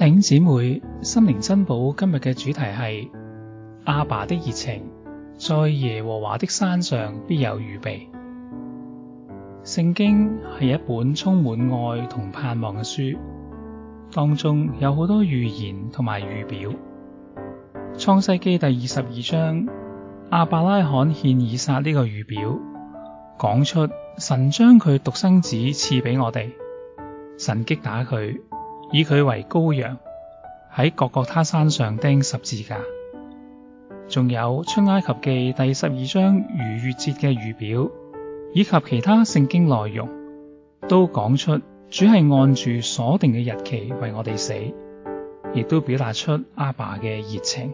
頂姊妹心靈珍寶，今日嘅主題係阿爸的熱情，在耶和華的山上必有預備。聖經係一本充滿愛同盼望嘅書，當中有好多預言同埋預表。創世記第二十二章，亞伯拉罕獻以撒呢個預表，講出神將佢獨生子賜俾我哋，神擊打佢。以佢為羔羊，喺各各他山上釘十字架。仲有出埃及記第十二章逾越節嘅預表，以及其他聖經內容，都講出主係按住鎖定嘅日期為我哋死，亦都表達出阿爸嘅熱情。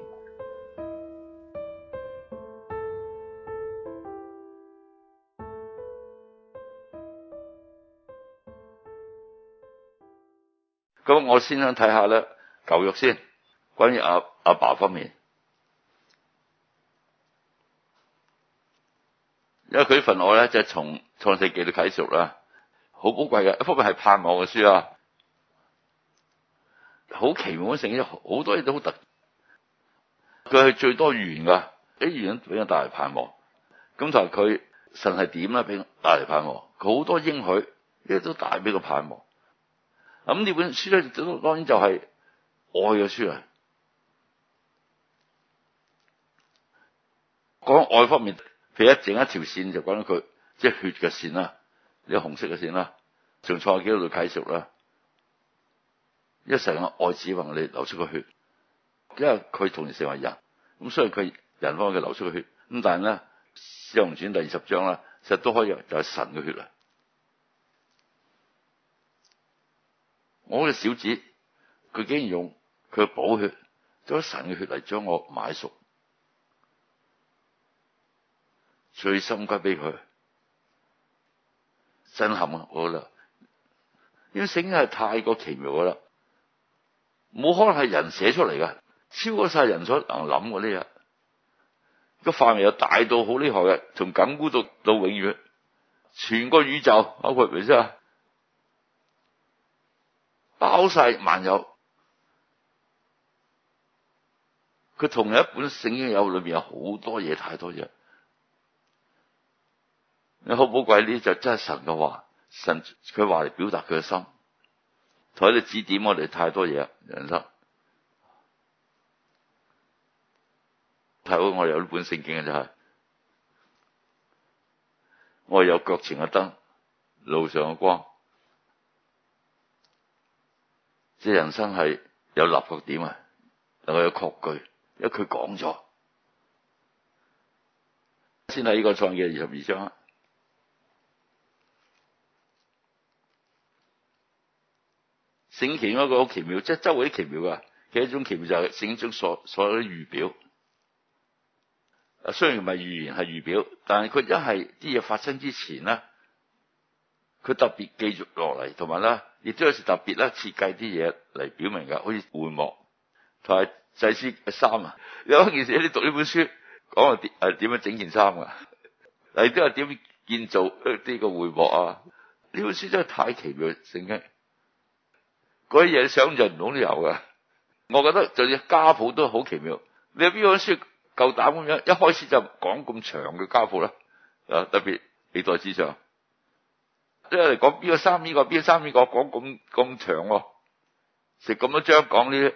咁我先想睇下咧舊約先，關於阿阿爸方面，因為佢份愛咧，就係從創世紀都起熟啦，好寶貴嘅。一方面係盼望嘅書啊，好奇妙嘅聖經，好多嘢都好特別。佢係最多元噶，啲願俾人帶嚟盼望。咁同埋佢神係點咧，俾帶嚟盼望。佢好多應許，亦都帶俾個盼望。咁呢本書咧，當然就係愛嘅書嚟，講愛方面，譬如一整一條線就講到佢，即係血嘅線啦，有紅色嘅線啦，從創幾多度繼續啦，一成個愛子為我哋流出個血，因為佢同時成為人，咁所以佢人方佢流出個血，咁但係咧，小龍傳第二十章啦，其實都可以就係神嘅血啦我嘅小子，佢竟然用佢嘅寶血，將神嘅血嚟，將我買熟，最心骨俾佢，震撼我啦！呢啲神係太過奇妙啦，冇可能係人寫出嚟嘅，超過晒人所能諗嘅呢嘢。個範圍又大到好厲害嘅，從亙古到永遠，全個宇宙包括咩先啊？我包晒萬有，佢同一本聖經有裏面有好多嘢，太多嘢。你好寶貴呢？就真係神嘅話，神佢話嚟，表達佢嘅心，同佢指點我哋太多嘢，人生。睇好我有呢本聖經嘅就係，我有腳前嘅燈，路上嘅光。啲人生係有立確點啊，同埋有確據，因為佢講咗先喺呢個創世記二十二章啊。醒前嗰個好奇妙，即係周圍啲奇妙啊。其中一種奇妙就係醒前所所有啲預表。啊，雖然唔係預言係預表，但係佢一係啲嘢發生之前咧，佢特別記住落嚟，同埋咧。亦都有時特別啦，設計啲嘢嚟表明噶，好似會幕同埋祭司嘅衫啊。有一件事，你讀呢本書講話點樣整件衫啊，你都有點建造呢個會幕啊。呢本書真係太奇妙，成日嗰啲嘢想人唔到都有噶。我覺得就算家譜都好奇妙。你有邊本書夠膽咁樣一開始就講咁長嘅家譜啦啊，特別歷代志上。即係講邊個三邊個邊三邊個講咁咁長食咁多張講呢啲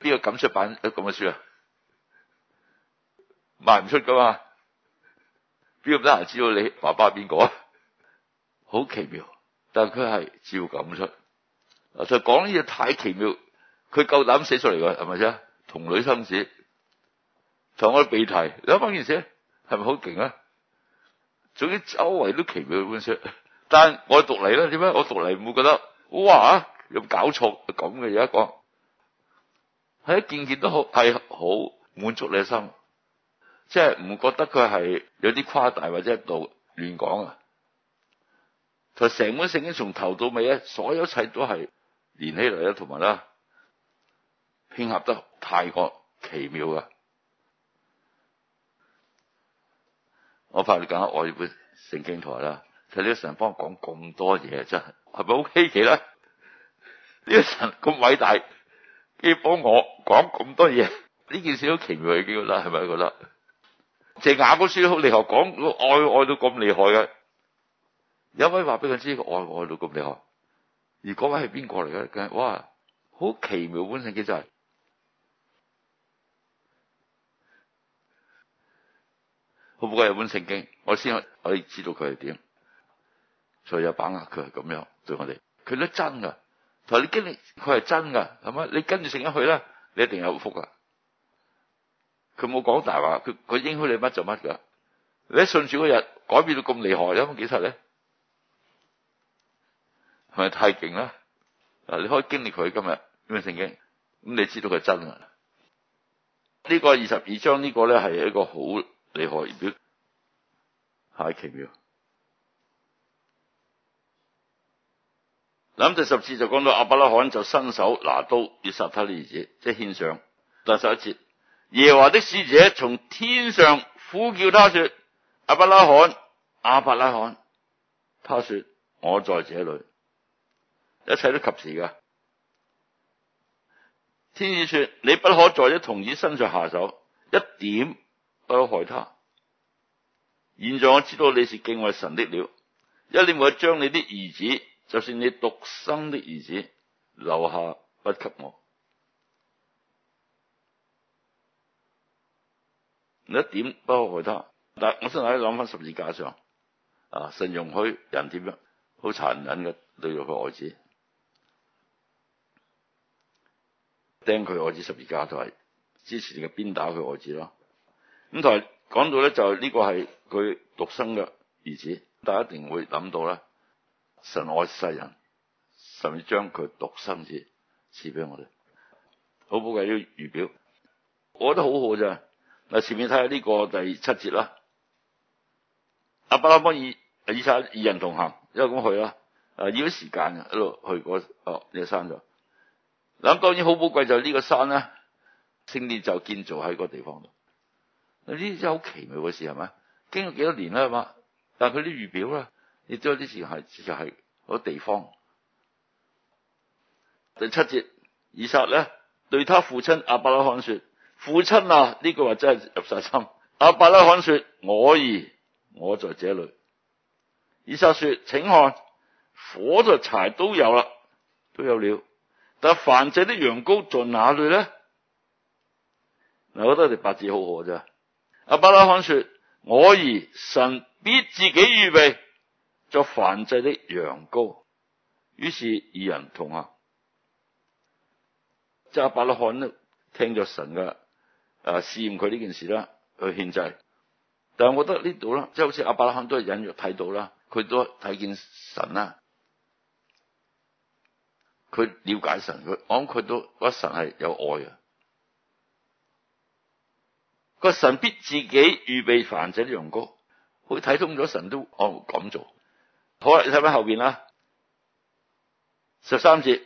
邊個敢出版咁嘅書啊？賣唔出噶嘛？邊個得閒知道你爸爸係邊個啊？好奇妙，但係佢係照咁出。就講呢嘢太奇妙，佢夠膽寫出嚟噶係咪先？同女心事，同我哋避題。你諗翻件事，係咪好勁啊？總之周圍都奇妙，本書。但係我讀嚟咧，點解我讀嚟唔會覺得哇？有搞錯咁嘅有一個，係一件件都好係好滿足你嘅心，即係唔覺得佢係有啲誇大或者一度亂講啊！就成本聖經從頭到尾咧，所有一切都係連起嚟，咧，同埋啦拼合得太過奇妙啊！我快啲講下我呢本聖經台啦～睇、就、呢、是、個神幫我講咁多嘢，真係係咪好稀奇咧？呢、這個神咁偉大，要幫我講咁多嘢，呢件事好奇妙嘅，叫啦，係咪覺得？鄭雅書好厲害，講愛愛到咁厲害嘅，有位話俾佢知，愛愛到咁厲害，而嗰位係邊個嚟嘅？哇，好奇妙本聖經真、就、係、是，好過好有本聖經，我先可以知道佢係點。所以有把握佢係咁樣對我哋，佢都真噶。同你經歷佢係真噶，係咪？你跟住成日去啦，你一定有福噶。佢冇講大話，佢佢應許你乜就乜噶。你順住嗰日改變到咁厲害，有咁幾頭咧？係咪太勁啦？你可以經歷佢今日，因為聖經咁，你知道佢真噶。呢個二十二章呢個咧係一個好厲害表，亦都太奇妙。諗第十節就講到亞伯拉罕就伸手拿刀要殺他的兒子，即係獻上。第十一節，耶華的使者從天上呼叫他說：亞伯拉罕，亞伯拉罕，他說我在這裡，一切都及時噶。天使說你不可在這童子身上下手，一點不可害他。現在我知道你是敬畏神的了，因你會將你的兒子。就算你獨生的兒子留下不給我，你一點不可害他。但係我先喺度諗翻十字架上，啊，神容許人點樣，好殘忍嘅對待佢兒子，釘佢兒子十字架都係之前嘅鞭打佢兒子咯。咁同埋講到咧，就呢、是、個係佢獨生嘅兒子，大家一定會諗到啦。神愛世人，甚至將佢獨生子賜俾我哋，好寶貴呢個預表，我覺得好好咋嗱。前面睇下呢個第七節啦，亞伯拉罕以以撒二人同行，因為咁去啦。要因為時間啊，一路去嗰、那個、哦，呢、這個山咗。嗱，當然好寶貴就係呢個山啦，聖殿就建造喺個地方度。呢啲真係好奇妙嘅事係咪？經過幾多年啦，係嘛？但係佢啲預表啦。亦都有啲字係，就係嗰地方。第七節，以撒咧對他父親亞伯拉罕說：「父親啊，呢句話真係入晒心。」亞伯拉罕說：「我兒我在這裡。」以撒說：「請看，火就柴都有啦，都有了，但燔祭啲羊羔在哪裏呢？嗱，我都係八字好可咋。」亞伯拉罕說：「我兒神必自己預備。」作燔祭的羊羔，於是二人同行。即是阿伯拉罕咧，聽咗神嘅，誒試驗佢呢件事啦，去獻祭。但係我覺得呢度啦，即係好似阿伯拉罕都隱約睇到啦，佢都睇見神啦，佢了解神，佢講佢都個神係有愛啊。個神必自己預備燔祭的羊羔，佢睇通咗神都哦咁做。好啦，你睇翻後邊啦，十三節，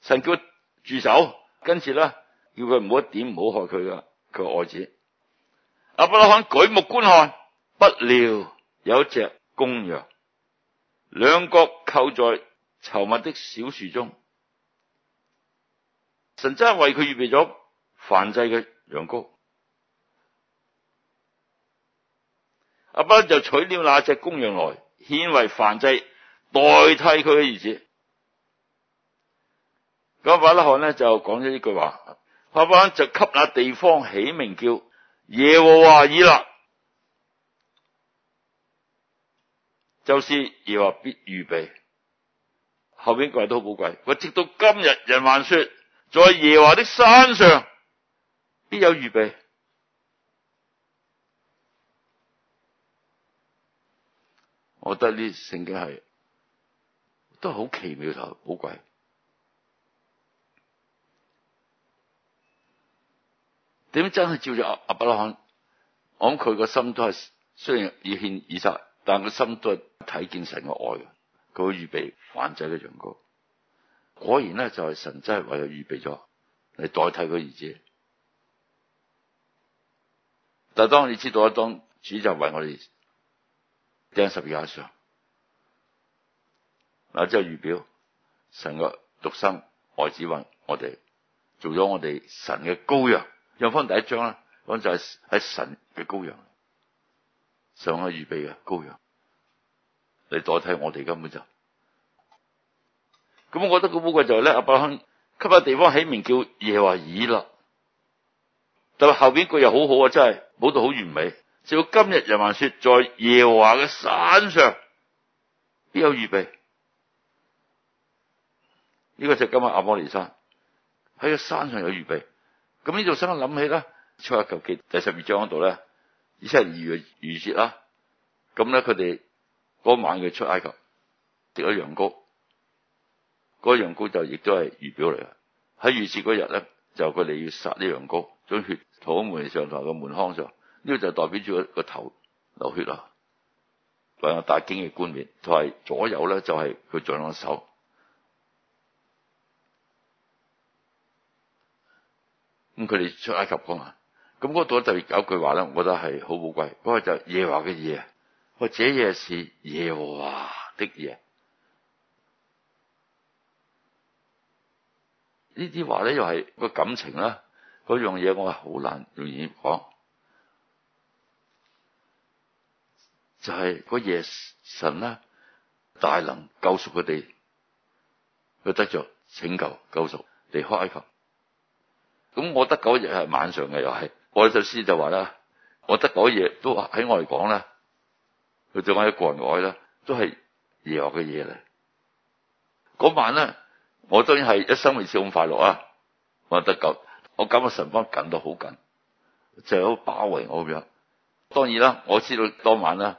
神叫佢住手，跟住啦，叫佢唔好一點唔好害佢噶。佢個我知，亞伯拉罕舉目觀看，不料有一隻公羊，兩角扣在稠密的小樹中，神真係為佢預備咗燔祭嘅羊羔。亞伯拉罕就取了那隻公羊來。獻為燔祭，代替佢嘅兒子。咁法拉罕呢就講咗呢句話，法拉罕就給那地方起名叫耶和華以勒，就是耶和華必預備。後邊嗰句都好寶貴，話直到今日人還說，在耶和華的山上必有預備。覺得呢聖經係都好奇妙，好寶貴。點樣真係照住阿阿伯拉罕我咁佢個心都係雖然以獻以殺，但個心都係睇見神個愛。佢預備還仔嘅羊羔，果然呢，就係神真係為咗預備咗嚟，代替佢兒子。但當當你知道一當主就為我哋。聽十二下上嗱，即係預表神個獨生愛子為我哋做咗我哋神嘅羔羊。約方第一章啦，講就係喺神嘅羔羊上嘅預備嘅羔羊嚟代替我哋，根本就咁。嗯、那我覺得個烏龜就係、是、咧，阿伯亨給個地方起名叫耶和華以勒。但係後邊句又好好啊，真係補到好完美。就到今日人還說，在耶和華嘅山上必有預備，呢個就今日阿摩尼山喺個山上有預備。咁呢度使我諗起啦。出埃及記第十二章嗰度咧，而且係逾越節啦。咁咧，佢哋嗰晚嘅出埃及，食咗羊羔，嗰、那個羊羔就亦都係預表嚟嘅。喺逾節嗰日咧，就佢哋要殺啲羊羔，將血塗喺門上頭嘅門框上。呢個就代表住個頭頭流血啦，還有大驚嘅冠冕，同埋左右咧就係佢左兩手。咁佢哋出埃及講啊，咁嗰度就有一句話咧，我覺得係好寶貴。嗰個就耶和華嘅夜，或者夜是耶和華的夜。夜的夜呢啲話咧又係個感情啦，嗰樣嘢我係好難容易講。就係、是、個夜神啦，大能救贖佢哋，佢得着拯救救贖離開埃及。咁我得救嗰夜係晚上嘅又係，我呢首詩就話啦，我得救嗰夜都喺我嚟講咧，佢做翻一個人愛啦，都係耶和嘅嘢嚟。嗰晚咧，我當然係一生為少咁快樂啊！我得救，我感覺神方緊到好緊，就好包圍我咁樣。當然啦，我知道當晚啦。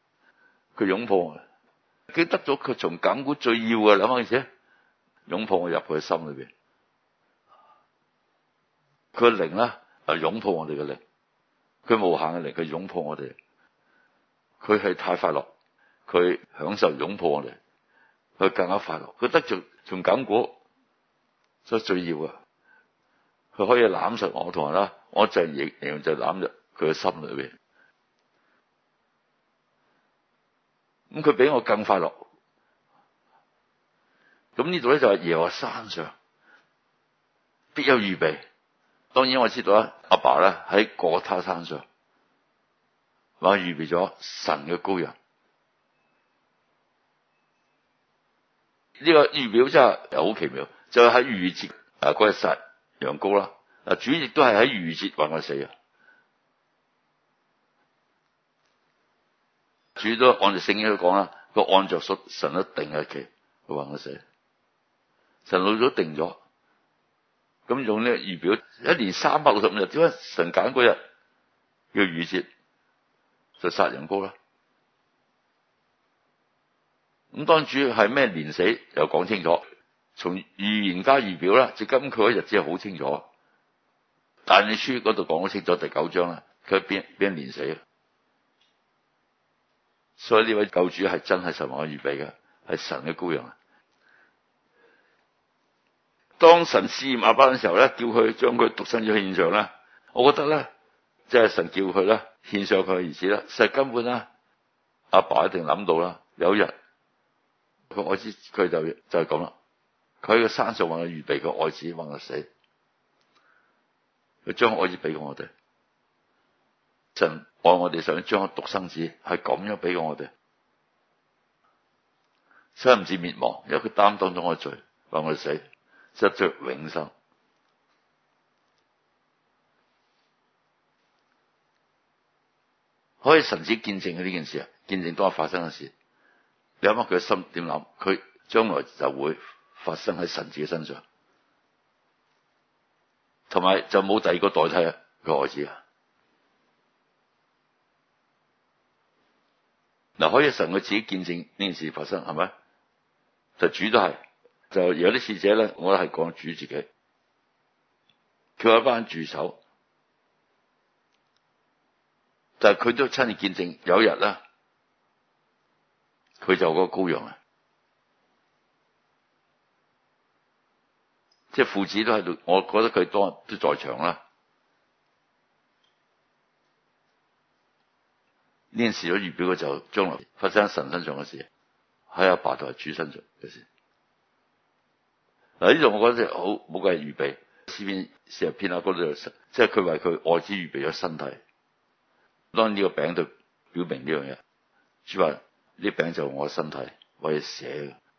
佢擁抱我，佢得咗佢從緊箍最要嘅兩件事，擁抱我入佢嘅心裏邊。佢嘅靈咧，又擁抱我哋嘅靈，佢無限嘅靈，佢擁抱我哋。佢係太快樂，佢享受擁抱我哋，佢更加快樂。佢得着從緊箍所以最要啊！佢可以攬實我同人啦，我一陣然後就攬入佢嘅心裏邊。咁佢比我更快樂。咁呢度咧就係耶和華山上必有預備。當然我知道啦，阿爸咧喺各他山上，我預備咗神嘅羔羊。呢、這個預表真係好奇妙，就喺預節啊嗰日殺羊羔啦。主亦都係喺預節揾我死啊。主都按照聖經去講啦，個按着說神一定嘅期，佢話我死，神老早定咗，咁用呢預表，一年三百六十五日，點解神揀嗰日叫逾越節就殺人高啦？咁當主係咩年死又講清楚，從預言加預表啦，就今佢嗰日子係好清楚，但你書嗰度講得清楚第九章啦，佢邊邊年死。所以呢位救主係真係神所預備嘅，係神嘅羔羊。當神試驗阿爸嘅時候咧，叫佢將佢獨生子獻上。咧，我覺得咧，即係神叫佢咧獻上佢兒子咧，其實根本啦，阿爸，爸一定諗到啦，有一日佢愛子佢就就係咁啦，佢喺個山上為我預備個愛子，為我死，佢將愛子俾我哋。神愛我哋，想將個獨生子係咁樣俾我哋，使唔至滅亡，由佢擔當咗我罪，話我哋死，得着永生。可以神子見證嘅呢件事啊，見證當日發生嘅事。你諗下佢嘅心點諗，佢將來就會發生喺神子嘅身上，同埋就冇第二個代替佢兒子啊。嗱，可以神佢自己見證呢件事發生係咪？就主都係，就有啲使者咧，我都係講主自己，佢有一班助手，但係佢都親自見證。有一日呢，佢就個羔羊啊，即係父子都喺度，我覺得佢當日都在場啦。件事咗預表佢就將來發生喺神身上嘅事，喺阿爸度係主身上嘅事。嗱，呢度我覺得是好，冇計係預備，偏偏成日偏下嗰度，即係佢為佢外子預備咗身體。當呢個餅就表明呢樣嘢，主係話呢餅就是我的身體，我哋寫嘅。